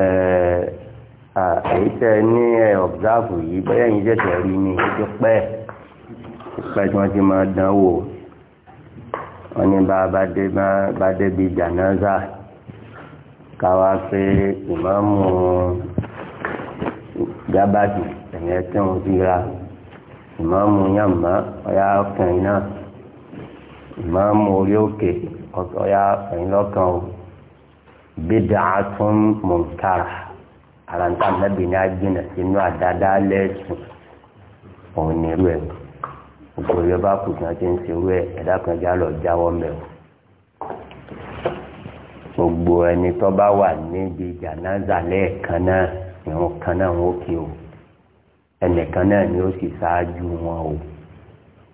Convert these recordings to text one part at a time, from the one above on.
èyí tẹ́ ní ẹ̀ ọ̀bùdáàbù yìí bóyá yìí jẹ́ tẹ̀rí ni ti pẹ́ pẹ́ tí wọ́n ti máa dán wò wọ́n ní bá débi jànáza káwá pé ìmáàmù gábàdì ẹ̀yẹ tí wọ́n ti ra ìmáàmù yàmá ọ̀yá ọkùnrin náà ìmáàmù orí òkè ọ̀yá ọkùnrin lọ́kàn o bid'atun munkara àràǹtà nàbì ní ajínà sínú àdáadá lẹ́sùn òun ní irú ẹ̀ gbogbo yọba kù tí wọ́n ti ń se irú ẹ̀ ẹ̀dá kan já lọ jáwọ́ mẹ́wọ́ gbogbo ẹni tó bá wà níbi jànáza lẹ́ẹ̀kan náà ìrun kan náà wọn ó kí o ẹnìkan náà ni ó sì ṣáájú wọn o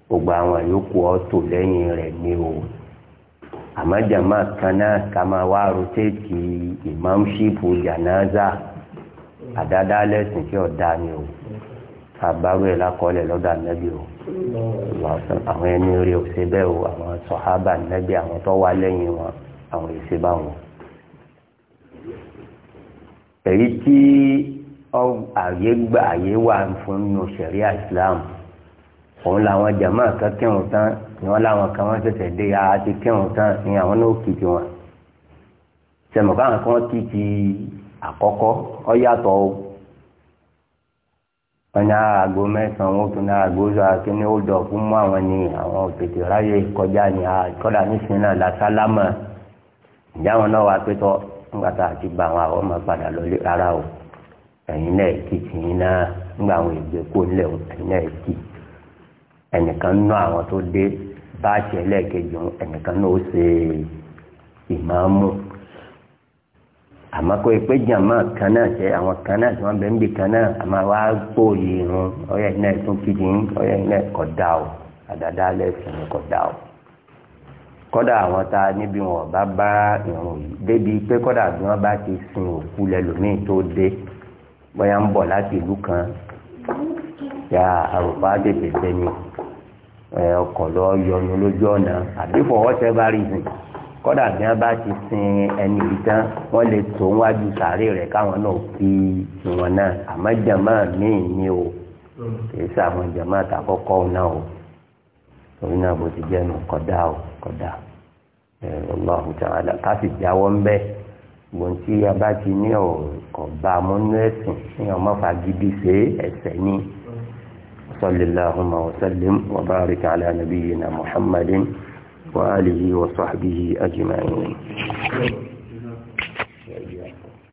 gbogbo àwọn yòókù ọ̀tò lẹ́yìn rẹ̀ ni o àmọ́ jàmá kan náà ká máa wá rotéètì ìmáàmṣípù jànáza àdáadáa lẹ́sìn tí ọ̀dá ni o àbárò ẹ̀ lákọọ́lẹ̀ lọ́dọ̀ ànábì o àwọn ẹni rí o ṣe bẹ́ẹ̀ o àwọn sọ̀hábà ànábì àwọn tó wá lẹ́yìn wọn àwọn èsì bá wọn. èyí tí àyè wà fún nù sẹ̀ríà Islam. òun làwọn jàmáà kan kírun tán ni wọn làwọn kan wọn ṣẹ̀ṣẹ̀ dé a ti kírun tán ni àwọn náà kì wọn sẹmọ káwọn kan kì í ti àkọ́kọ́ o wọn ní aago mẹ́sàn-án wọn tún ní aago sọ akíní ó dọ fún mú àwọn ni àwọn òtètè ráyè kọjá ni ah, wọn náà wà pẹtọ a gba àwọn àwọn ọmọ padà lọlé rárá o ẹnìkan nọ àwọn tó dé báàtì ẹlẹ́ẹ̀kejì ẹnìkan náà ó ṣe ìmáàmù àmọ́ kó ipé jàmọ́ kan náà ṣe àwọn kan náà tí wọ́n bẹ̀ ń bì kan náà àmọ́ wá gbòòyì irun ọyẹ iná kìdí ọyẹ o lẹ́sìn ẹ̀kọ́ dá o kọ́dà àwọn níbi wọn bá bá yìí débi pé kọ́dà bí wọ́n òkú lẹ́lòmíì tó dé bóyá ń bọ̀ láti ìlú kan ya àrùbá tètè sẹ́ni ọkọ̀ lọ yọnu lójú ọ̀nà àbí fọwọ́ tẹ́ bá rí sìn kọ́dà bí wọ́n bá ti sin ẹni yìí tán wọ́n lè tó wájú sàárè rẹ̀ káwọn náà fi wọn náà àmọ́ jàmá míì ni o kì í sàwọn jàmá àtàkọ́kọ́ náà o torí náà bó ti jẹ́ nù kọ́dà o kọ́dà ọlọ́run tààlà ká sì jáwọ́ ń bẹ́ gbọ̀n tí a bá ti ní ọ̀rọ̀ kọ̀ bá a mú nú ẹ̀sìn ní ọmọ fagidi ṣe ẹ̀sẹ̀ ní. صل اللهم وسلم وبارك على نبينا محمد وآله وصحبه أجمعين